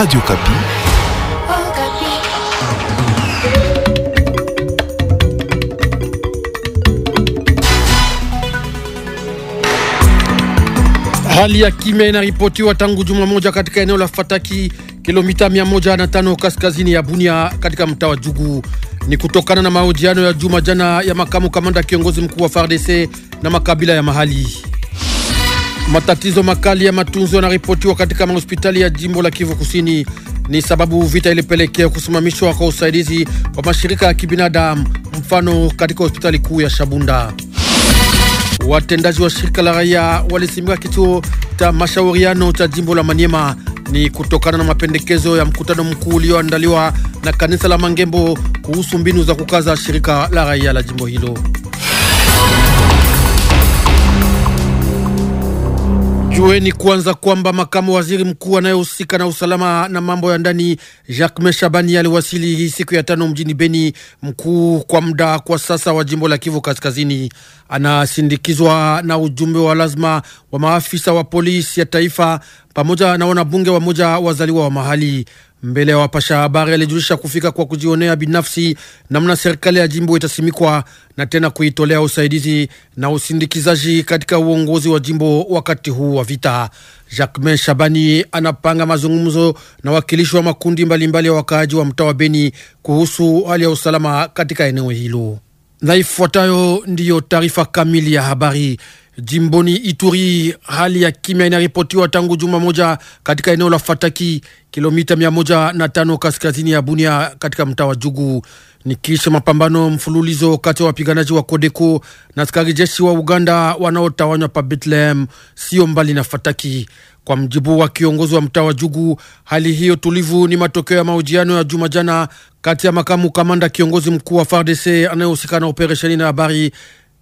Radio Kapi. Hali ya kimya inaripotiwa tangu juma moja katika eneo la Fataki, kilomita 105 kaskazini ya Bunia, katika mtaa wa Jugu. Ni kutokana na mahojiano ya juma jana ya makamu kamanda kiongozi mkuu wa FARDC na makabila ya mahali. Matatizo makali ya matunzo yanaripotiwa katika mahospitali ya jimbo la Kivu Kusini. Ni sababu vita ilipelekea kusimamishwa kwa usaidizi wa mashirika ya kibinadamu, mfano katika hospitali kuu ya Shabunda. Watendaji wa shirika la raia walisimika kituo cha mashauriano cha jimbo la Maniema. Ni kutokana na mapendekezo ya mkutano mkuu ulioandaliwa na kanisa la Mangembo kuhusu mbinu za kukaza shirika la raia la jimbo hilo. Jueni kwanza kwamba makamu waziri mkuu anayehusika na usalama na mambo ya ndani Jacques Shabani aliwasili hii siku ya tano mjini Beni, mkuu kwa muda kwa sasa wa jimbo la Kivu Kaskazini. Anasindikizwa na ujumbe wa lazima wa maafisa wa polisi ya taifa pamoja na wanabunge wamoja wazaliwa wa mahali mbele ya wapasha habari alijulisha kufika kwa kujionea binafsi namna serikali ya jimbo itasimikwa na tena kuitolea usaidizi na usindikizaji katika uongozi wa jimbo wakati huu wa vita. Jacquemain Shabani anapanga mazungumzo na wakilishi wa makundi mbalimbali ya mbali wakaaji wa mtaa wa Beni kuhusu hali ya usalama katika eneo hilo, na ifuatayo ndiyo taarifa kamili ya habari. Jimboni Ituri, hali ya kimya inaripotiwa tangu juma moja katika eneo la Fataki, kilomita mia moja na tano kaskazini ya Bunia, katika mtaa wa Jugu. Ni kisha mapambano mfululizo kati ya wapiganaji wa Kodeko na askari jeshi wa Uganda wanaotawanywa pa Bethlehem, sio mbali na Fataki. Kwa mjibu wa kiongozi wa mtaa wa Jugu, hali hiyo tulivu ni matokeo ya mahojiano ya juma jana kati ya makamu kamanda kiongozi mkuu wa FARDC anayehusika na operesheni na habari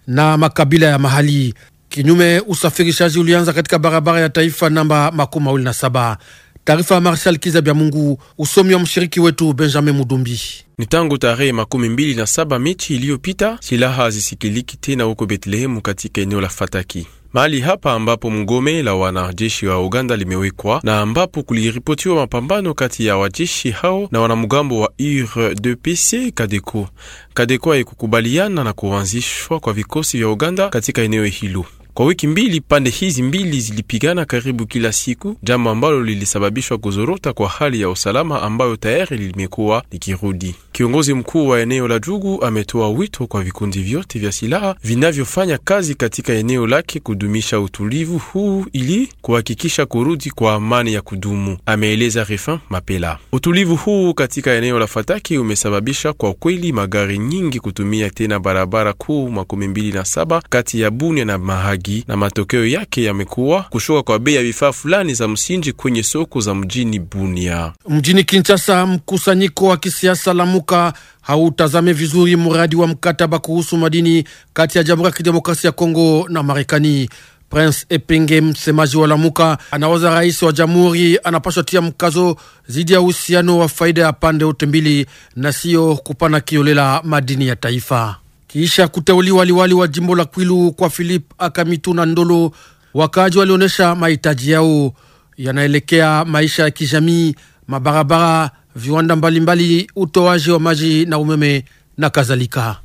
na makabila ya mahali. Kinyume, usafirishaji ulianza katika barabara ya taifa namba makumi mawili na saba. Taarifa ya Marshal Kiza Bya Mungu, usomi wa mshiriki wetu Benjamin Mudumbi. Ni tangu tarehe makumi mbili na saba mechi iliyopita, silaha hazisikiliki tena huko Betlehemu katika eneo la Fataki mahali hapa ambapo mgome la wanajeshi wa Uganda limewekwa na ambapo kuliripotiwa mapambano kati ya wajeshi hao na wanamgambo wa UR de PC Kadeko. Kadeko haikukubaliana na kuanzishwa kwa vikosi vya Uganda katika eneo hilo. Kwa wiki mbili, pande hizi mbili zilipigana karibu kila siku, jambo ambalo lilisababishwa kuzorota kwa hali ya usalama ambayo tayari limekuwa likirudi. Kiongozi mkuu wa eneo la Jugu ametoa wito kwa vikundi vyote vya silaha vinavyofanya kazi katika eneo lake kudumisha utulivu huu ili kuhakikisha kurudi kwa amani ya kudumu, ameeleza Refin Mapela. Utulivu huu katika eneo la Fataki umesababisha kwa kweli magari nyingi kutumia tena barabara kuu makumi mbili na saba kati ya Bunia na Mahagi nyingi, na matokeo yake yamekuwa kushuka kwa bei ya vifaa fulani za msingi kwenye soko za mjini Bunia. Mjini Kinshasa, mkusanyiko wa kisiasa Lamuka hautazame vizuri mradi wa mkataba kuhusu madini kati ya Jamhuri ya Kidemokrasia ya Kongo na Marekani. Prince Epenge, msemaji wa Lamuka, anawaza rais wa jamhuri anapaswa tia mkazo dhidi ya uhusiano wa faida ya pande yote mbili na siyo kupana kiolela madini ya taifa. Kisha kuteuliwa liwali wa jimbo la Kwilu kwa Philip Akamitu na Ndolo, wakaaji walionyesha mahitaji yao yanaelekea maisha ya kijamii, mabarabara, viwanda mbalimbali, utoaji wa maji na umeme na kadhalika.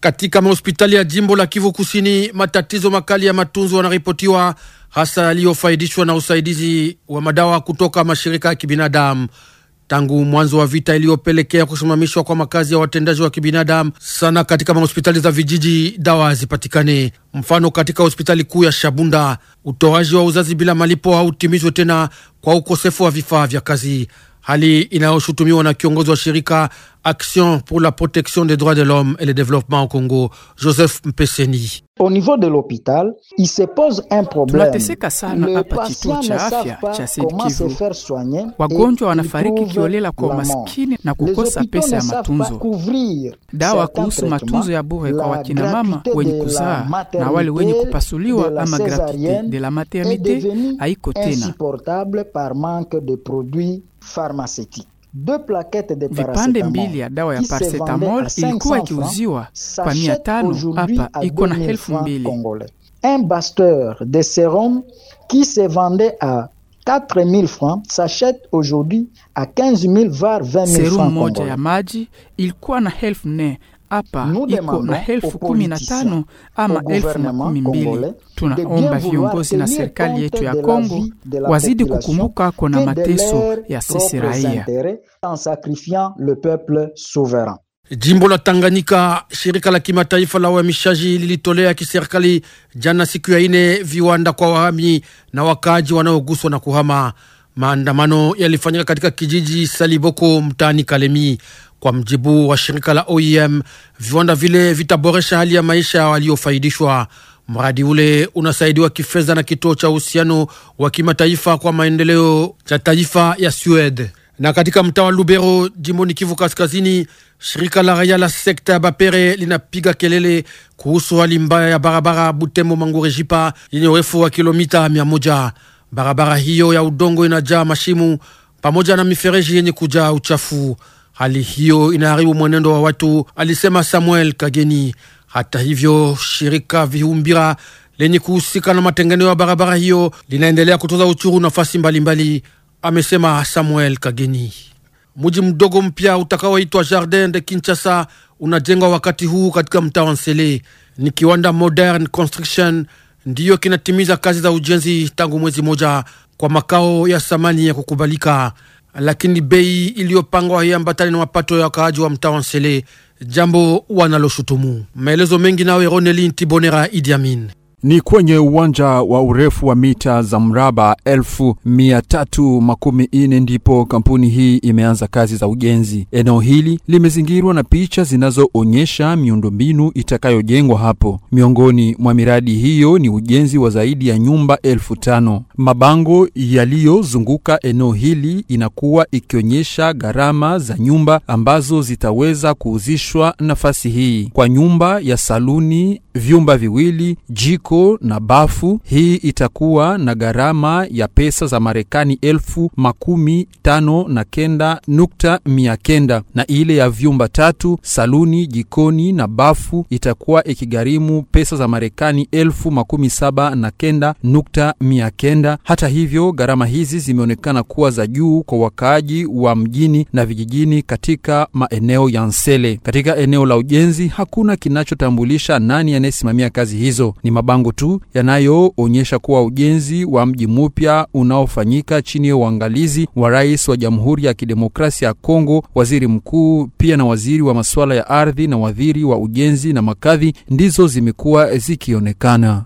Katika mahospitali ya jimbo la Kivu Kusini, matatizo makali ya matunzo yanaripotiwa hasa yaliyofaidishwa na usaidizi wa madawa kutoka mashirika ya kibinadamu tangu mwanzo wa vita iliyopelekea kusimamishwa kwa makazi ya watendaji wa kibinadamu sana katika mahospitali za vijiji, dawa hazipatikane. Mfano, katika hospitali kuu ya Shabunda utoaji wa uzazi bila malipo hautimizwe tena kwa ukosefu wa vifaa vya kazi hali inayoshutumiwa na kiongozi wa shirika Action pour la protection des droits de l'homme et le développement au Congo, Joseph Mpeseni. Tunateseka sana hapa kituo cha afya cha Sud Kivu, wagonjwa wanafariki kiolela kwa umaskini na kukosa pesa ya matunzo. Dawa kuhusu matunzo ya bure kwa wakinamama wenye kuzaa na wale wenye kupasuliwa ama gratuite de la maternité haiko tena pharmaceutique vipande mbili ya dawa ya paracetamol ilikuwa ikiuziwa kwa mia tano hapa iko na elfu mbili un basteur de sérum qui se vendait à 4 francs s'achète aujourd'hui à 15 000 var 20 000 moja ya maji ilikuwa na elfu nne hapa iko na elfu kumi na tano ama elfu makumi mbili. Tunaomba viongozi na serikali yetu ya Kongo wazidi kukumbuka kona mateso ya sisi raia. Jimbo la Tanganyika, shirika la kimataifa la uhamishaji lilitolea kiserikali jana siku ya ine viwanda kwa wahami na wakaaji wanaoguswa na kuhama. Maandamano yalifanyika katika kijiji Saliboko mtaani Kalemi. Kwa mjibu wa shirika la OEM, viwanda vile vitaboresha hali ya maisha waliofaidishwa. Mradi ule unasaidiwa kifedha na kituo cha uhusiano wa kimataifa kwa maendeleo cha taifa ya Suede. Na katika mtaa wa Lubero, jimboni Kivu Kaskazini, shirika la raia la sekta ya Bapere linapiga kelele kuhusu hali mbaya ya barabara Butembo Mangurejipa yenye urefu wa kilomita mia moja. Barabara hiyo ya udongo inajaa mashimu pamoja na mifereji yenye kujaa uchafu. Hali hiyo inaharibu mwenendo wa watu, alisema Samuel Kageni. Hata hivyo, shirika Vihumbira lenye kuhusika na matengenezo ya barabara hiyo linaendelea kutoza uchuru nafasi mbalimbali, amesema Samuel Kageni. Mji mdogo mpya utakaoitwa Jardin de Kinshasa unajengwa wakati huu katika mtaa wa Nsele. Ni kiwanda Modern Construction ndiyo kinatimiza kazi za ujenzi tangu mwezi moja kwa makao ya samani ya kukubalika lakini bei iliyopangwa haiambatani na mapato ya wakaaji wa mtaa wa Nsele, jambo wanaloshutumu. Maelezo mengi nawe Ronelin Tibonera idiamin ni kwenye uwanja wa urefu wa mita za mraba 1314 ndipo kampuni hii imeanza kazi za ujenzi. Eneo hili limezingirwa na picha zinazoonyesha miundombinu itakayojengwa hapo. Miongoni mwa miradi hiyo ni ujenzi wa zaidi ya nyumba elfu tano. Mabango yaliyozunguka eneo hili inakuwa ikionyesha gharama za nyumba ambazo zitaweza kuuzishwa nafasi hii, kwa nyumba ya saluni, vyumba viwili, jiko jiko na bafu. Hii itakuwa na gharama ya pesa za Marekani elfu makumi tano na kenda nukta mia kenda na ile ya vyumba tatu, saluni, jikoni na bafu itakuwa ikigharimu pesa za Marekani elfu makumi saba na kenda nukta mia kenda. Hata hivyo gharama hizi zimeonekana kuwa za juu kwa wakaaji wa mjini na vijijini katika maeneo ya Nsele. Katika eneo la ujenzi hakuna kinachotambulisha nani anayesimamia kazi hizo, ni mabango mabango tu yanayoonyesha kuwa ujenzi wa mji mpya unaofanyika chini ya uangalizi wa rais wa Jamhuri ya Kidemokrasia ya Kongo, waziri mkuu pia na waziri wa masuala ya ardhi na waziri wa ujenzi na makadhi ndizo zimekuwa zikionekana.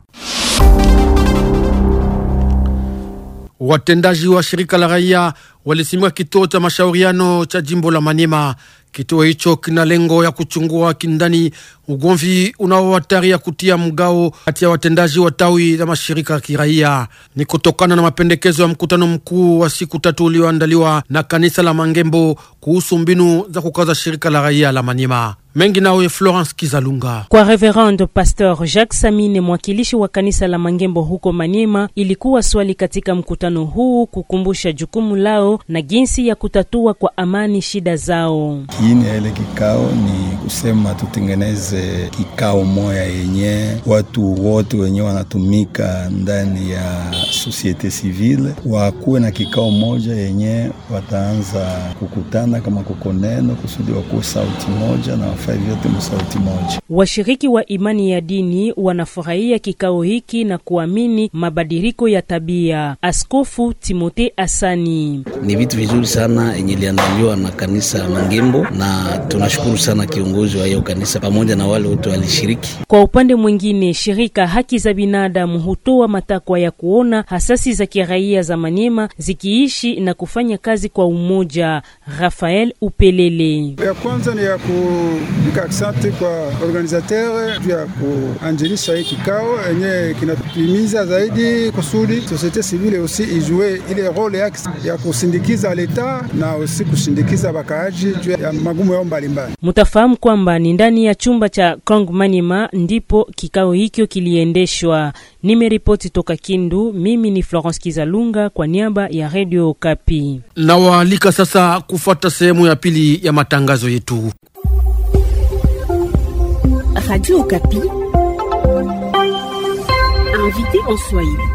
Watendaji wa shirika la raia walisimika kituo cha mashauriano cha jimbo la Manema Kituo hicho kina lengo ya kuchungua kindani ugomvi unao hatari ya kutia mgao kati ya watendaji wa tawi la mashirika ya kiraia. Ni kutokana na mapendekezo ya mkutano mkuu wa siku tatu ulioandaliwa na kanisa la Mangembo kuhusu mbinu za kukaza shirika la raia la Manima. Mengi nawe Florence Kizalunga. Kwa Reverend Pastor Jacques Samine, mwakilishi wa kanisa la Mangembo huko Maniema, ilikuwa swali katika mkutano huu kukumbusha jukumu lao na jinsi ya kutatua kwa amani shida zao kiini ya ile kikao ni kusema tutengeneze kikao moya yenye watu wote wenye wanatumika ndani ya sosiete sivile wakuwe na kikao moja yenye wataanza kukutana kama kuko neno kusudi wakuwe sauti moja na wafai vyote msauti moja. Washiriki wa imani ya dini wanafurahia kikao hiki na kuamini mabadiliko ya tabia. Askofu Timote Asani: ni vitu vizuri sana yenye iliandaliwa na kanisa Mangembo na tunashukuru sana kiongozi wa hiyo kanisa pamoja na wale wote walishiriki. Kwa upande mwingine, shirika haki za binadamu hutoa matakwa ya kuona hasasi za kiraia za Manyema zikiishi na kufanya kazi kwa umoja. Rafael Upelele: ya kwanza ni ya kuika asante kwa organizateur ya kuanjilisha hii kikao yenye kinatimiza zaidi kusudi societe civile usi ijue ile role yake ya kusindikiza leta na usi kusindikiza bakaaji juu ya magumu yao mbalimbali. Mutafahamu kwamba ni ndani ya chumba cha Kong Manima ndipo kikao hicho kiliendeshwa. Nimeripoti toka Kindu, mimi ni Florence Kizalunga kwa niaba ya Radio Kapi. Nawaalika sasa kufuata sehemu ya pili ya matangazo yetu. Radio Kapi. Invité en Swahili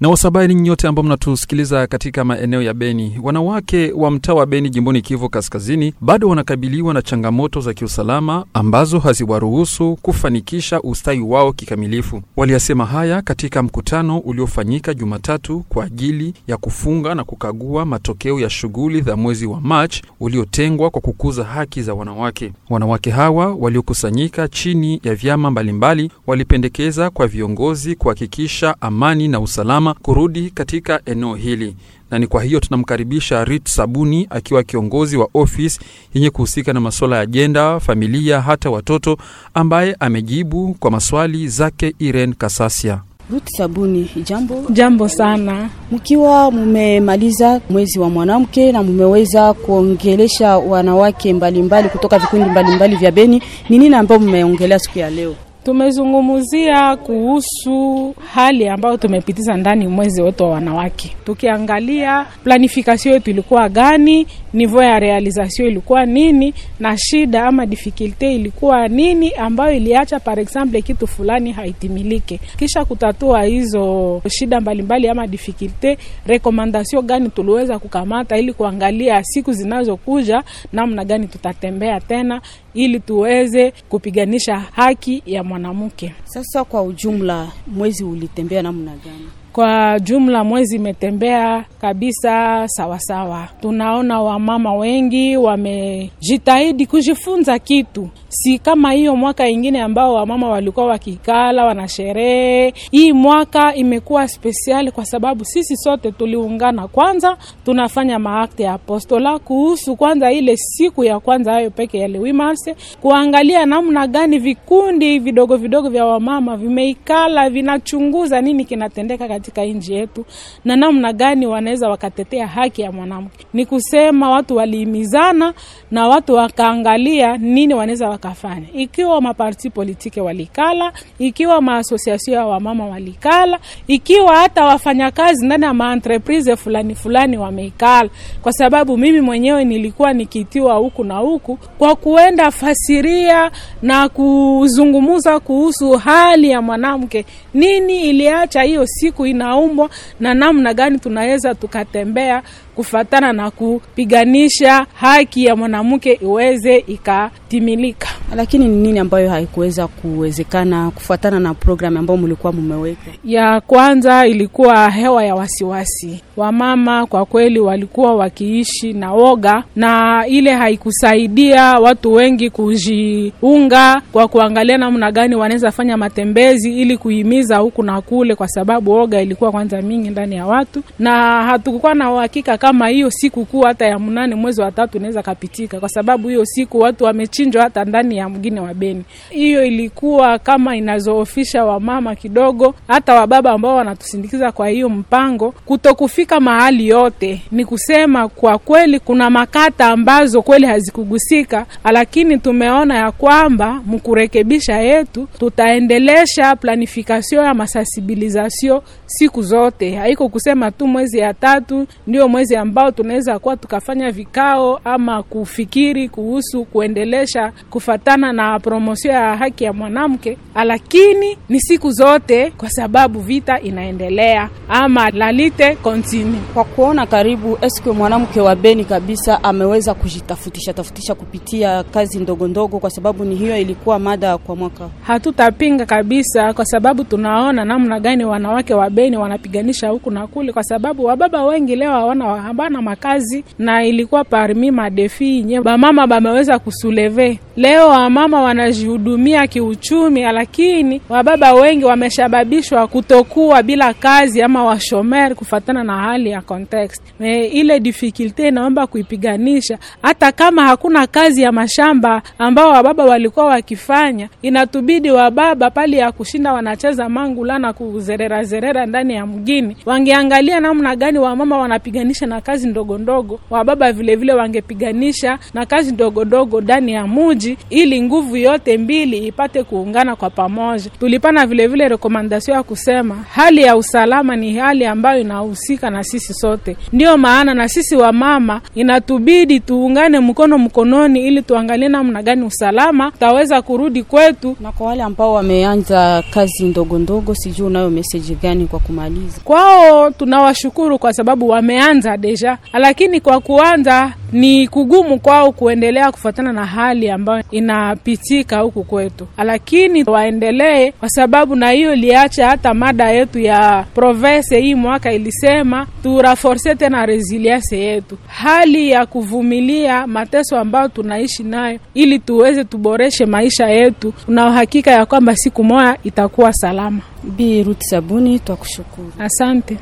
na wasabari nyote ambao mnatusikiliza katika maeneo ya Beni, wanawake wa mtaa wa Beni jimboni Kivu Kaskazini bado wanakabiliwa na changamoto za kiusalama ambazo haziwaruhusu kufanikisha ustawi wao kikamilifu. Waliyasema haya katika mkutano uliofanyika Jumatatu kwa ajili ya kufunga na kukagua matokeo ya shughuli za mwezi wa Machi uliotengwa kwa kukuza haki za wanawake. Wanawake hawa waliokusanyika chini ya vyama mbalimbali walipendekeza kwa viongozi kuhakikisha amani na usalama usalama kurudi katika eneo hili na ni kwa hiyo tunamkaribisha Rit Sabuni akiwa kiongozi wa ofisi yenye kuhusika na masuala ya ajenda, familia, hata watoto, ambaye amejibu kwa maswali zake Irene Kasasia. Ruth Sabuni, jambo. Jambo sana. Mkiwa mumemaliza mwezi wa mwanamke na mumeweza kuongelesha wanawake mbalimbali mbali kutoka vikundi mbalimbali mbali vya Beni, ni nini ambayo mmeongelea siku ya leo? Tumezungumzia kuhusu hali ambayo tumepitiza ndani mwezi wetu wa wanawake, tukiangalia planifikasio yetu ilikuwa gani, nivo ya realizasio ilikuwa nini, na shida ama difikulte ilikuwa nini, ambayo iliacha par exemple kitu fulani haitimilike. Kisha kutatua hizo shida mbalimbali mbali ama difikulte, rekomandasio gani tuliweza kukamata ili kuangalia siku zinazokuja namna gani tutatembea tena ili tuweze kupiganisha haki ya mwanamke. Sasa kwa ujumla, mwezi ulitembea namna gani? Kwa jumla mwezi imetembea kabisa sawasawa sawa. Tunaona wamama wengi wamejitahidi kujifunza kitu, si kama hiyo mwaka ingine ambao wamama walikuwa wakikala wana sherehe. Hii mwaka imekuwa spesiali kwa sababu sisi sote tuliungana. Kwanza tunafanya maakte ya apostola kuhusu kwanza ile siku ya kwanza hayo peke yale wimarse, kuangalia namna gani vikundi vidogo vidogo vya wamama vimeikala vinachunguza nini kinatendeka katika nchi yetu na namna gani wana wanaweza wakatetea haki ya mwanamke. Ni kusema watu walihimizana na watu wakaangalia nini wanaweza wakafanya, ikiwa maparti politike walikala, ikiwa maasosiasio ya wamama walikala, ikiwa hata wafanyakazi ndani ya maentreprise fulani fulani wameikala, kwa sababu mimi mwenyewe nilikuwa nikitiwa huku na huku kwa kuenda fasiria na kuzungumza kuhusu hali ya mwanamke, nini iliacha hiyo siku inaumbwa na namna gani tunaweza tukatembea kufatana na kupiganisha haki ya mwanamke iweze ikatimilika. Lakini ni nini ambayo haikuweza kuwezekana kufuatana na programu ambayo mlikuwa mmeweka? Ya kwanza ilikuwa hewa ya wasiwasi, wamama kwa kweli walikuwa wakiishi na woga, na ile haikusaidia watu wengi kujiunga kwa kuangalia namna gani wanaweza fanya matembezi ili kuhimiza huku na kule, kwa sababu woga ilikuwa kwanza mingi ndani ya watu na hatukukuwa na uhakika kama hiyo siku kuu hata ya mnane mwezi wa tatu inaweza kapitika, kwa sababu hiyo siku watu wamechinjwa hata ndani ya mgine wa Beni. Hiyo ilikuwa kama inazoofisha wamama kidogo, hata wababa ambao wanatusindikiza kwa hiyo mpango, kutokufika mahali yote. Ni kusema kwa kweli, kuna makata ambazo kweli hazikugusika, lakini tumeona ya kwamba mkurekebisha yetu tutaendelesha planifikasio ya masasibilizasio siku zote, haiko kusema tu mwezi ya tatu ndio mwezi ambao tunaweza kuwa tukafanya vikao ama kufikiri kuhusu kuendelesha kufatana na promosio ya haki ya mwanamke, lakini ni siku zote, kwa sababu vita inaendelea ama lalite kontini Kwa kuona karibu eske mwanamke wa Beni kabisa ameweza kujitafutisha tafutisha kupitia kazi ndogo ndogo, kwa sababu ni hiyo ilikuwa mada kwa mwaka. Hatutapinga kabisa, kwa sababu tunaona namna gani wanawake wa Beni wanapiganisha huku na kule, kwa sababu wababa wengi leo hawana habana makazi, na ilikuwa parmi madefi nye bamama bameweza kusuleve Leo wamama wanajihudumia kiuchumi, lakini wababa wengi wameshababishwa kutokuwa bila kazi ama washomer kufatana na hali ya context. Me, ile difficulty inaomba kuipiganisha, hata kama hakuna kazi ya mashamba ambao wababa walikuwa wakifanya, inatubidi wababa pali ya kushinda wanacheza mangula na kuzerera zerera ndani ya mgini, wangeangalia namna gani wamama wanapiganisha na kazi ndogondogo, wababa vilevile wangepiganisha na kazi ndogondogo ndani ya muji maji ili nguvu yote mbili ipate kuungana kwa pamoja. Tulipana vilevile rekomandasio ya kusema hali ya usalama ni hali ambayo inahusika na sisi sote, ndiyo maana na sisi wamama inatubidi tuungane mkono mkononi, ili tuangalie namna gani usalama taweza kurudi kwetu. Na kwa wale ambao wameanza kazi ndogo ndogo, sijui unayo meseji gani kwa kumaliza kwao? Tunawashukuru kwa sababu wameanza deja, lakini kwa kuanza ni kugumu kwao kuendelea kufuatana na hali ambayo ambayo inapitika huku kwetu, lakini waendelee, kwa sababu na hiyo iliacha hata mada yetu ya provense hii mwaka ilisema turaforce tena resilience yetu, hali ya kuvumilia mateso ambayo tunaishi nayo, ili tuweze tuboreshe maisha yetu. Una uhakika ya kwamba siku moja itakuwa salama. Bi Ruth Sabuni, twakushukuru, asante.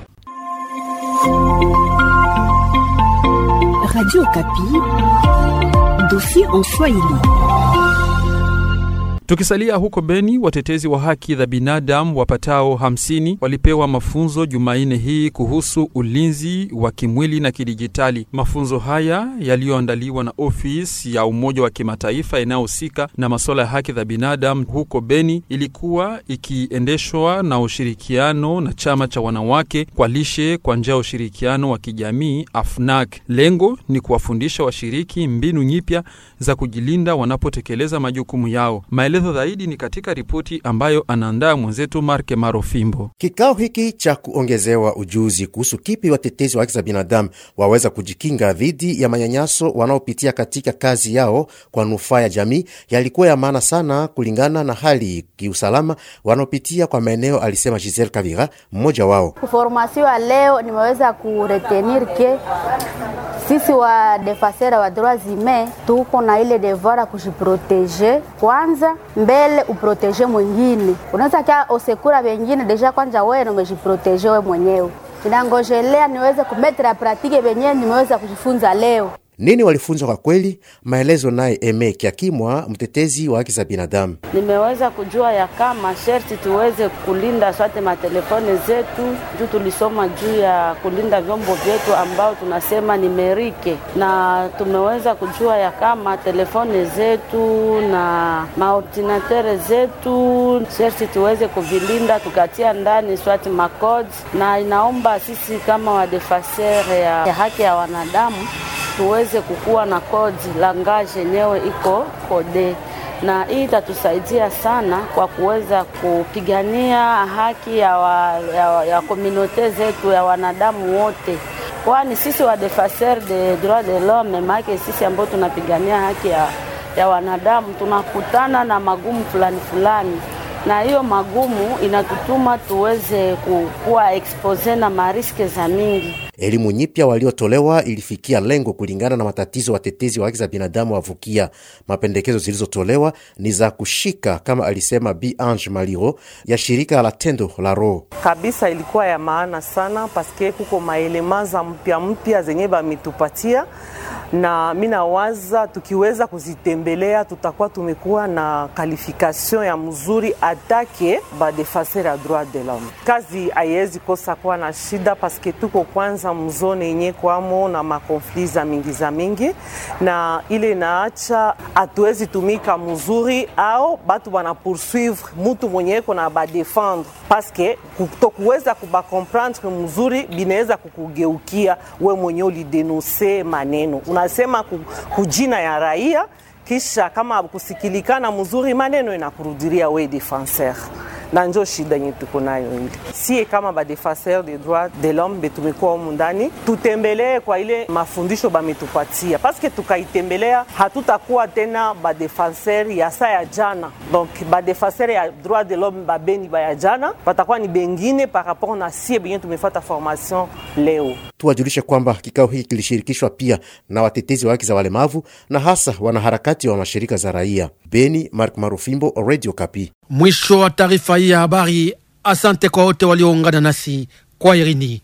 Radio Kapi dofi en Swahili. Tukisalia huko Beni, watetezi wa haki za binadamu wapatao hamsini walipewa mafunzo Jumanne hii kuhusu ulinzi wa kimwili na kidijitali. Mafunzo haya yaliyoandaliwa na ofisi ya Umoja wa Kimataifa inayohusika na masuala ya haki za binadamu huko Beni ilikuwa ikiendeshwa na ushirikiano na chama cha wanawake kwa lishe kwa njia ya ushirikiano wa kijamii AFNAC. Lengo ni kuwafundisha washiriki mbinu nyipya za kujilinda wanapotekeleza majukumu yao. Maelezo zaidi ni katika ripoti ambayo anaandaa mwenzetu Marke Marofimbo. Kikao hiki cha kuongezewa ujuzi kuhusu kipi watetezi wa haki za binadamu waweza kujikinga dhidi ya manyanyaso wanaopitia katika kazi yao kwa nufaa ya jamii yalikuwa ya maana sana kulingana na hali kiusalama wanaopitia kwa maeneo, alisema Giselle Kavira, mmoja wao. Kuformasiwa leo nimeweza kuretenir ke sisi wa defasera wa droits humains tuko na na ile devora kujiproteje kwanza mbele uproteje mwingine. Unaweza kia osekura wengine deja, kwanza wewe umejiproteje wewe mwenyewe. Inangojelea niweze kumetra pratike venyewe nimeweza kujifunza leo. Nini walifunzwa kwa kweli? Maelezo naye Eme Kiakimwa, mtetezi wa haki za binadamu. Nimeweza kujua ya kama sherti tuweze kulinda swate matelefone zetu, juu tulisoma juu ya kulinda vyombo vyetu ambao tunasema ni merike, na tumeweza kujua ya kama telefone zetu na maordinatere zetu sherti tuweze kuvilinda, tukatia ndani swati makodi, na inaomba sisi kama wadefasere ya haki ya wanadamu tuweze kukuwa na kodi langaje yenyewe iko kode, na hii itatusaidia sana kwa kuweza kupigania haki ya, wa, ya, ya komunote zetu ya wanadamu wote, kwani sisi wa defenseur de droit de l'homme make sisi ambao tunapigania haki ya, ya wanadamu tunakutana na magumu fulani fulani na hiyo magumu inatutuma tuweze kukuwa expose na mariske za mingi. Elimu nyipya waliotolewa ilifikia lengo kulingana na matatizo watetezi wa haki za binadamu wavukia. Mapendekezo zilizotolewa ni za kushika, kama alisema Bi Ange Maliro ya shirika la Tendo la Ro. Kabisa ilikuwa ya maana sana paske kuko maelema za mpya mpya zenye bametupatia, na mi nawaza tukiweza kuzitembelea tutakuwa tumekuwa na kalifikasio ya mzuri atake badefasera droit de l'homme. Kazi haiwezi kosa kuwa na shida paske tuko kwanza inaongeza mzone yenye kwamo na makonfli za mingi za mingi, na ile inaacha hatuwezi tumika mzuri, au batu bana poursuivre mutu mwenyeko na badefendre paske kutokuweza kubakomprendre mzuri binaweza kukugeukia we mwenye ulidenonse maneno unasema kujina ya raia, kisha kama kusikilikana mzuri maneno inakurudiria we defenseur na njo shida yenye tuko nayo ile. Sie kama badefenseur de droit de l'homme betumekuwa humu ndani, tutembelee kwa ile mafundisho bametupatia, paske tukaitembelea hatutakuwa tena badefenseur ya saa ya jana. Donc badefenseur ya droit de l'homme babeni baya jana batakuwa ni bengine par rapport na sie benye tumefata formation leo. Tuwajulishe kwamba kikao hiki kilishirikishwa pia na watetezi wa haki za walemavu na hasa wanaharakati wa mashirika za raia. Beni, Mark Marufimbo, Radio Kapi. Mwisho wa taarifa hii ya habari. Asante kwa wote walioungana nasi kwa Irini.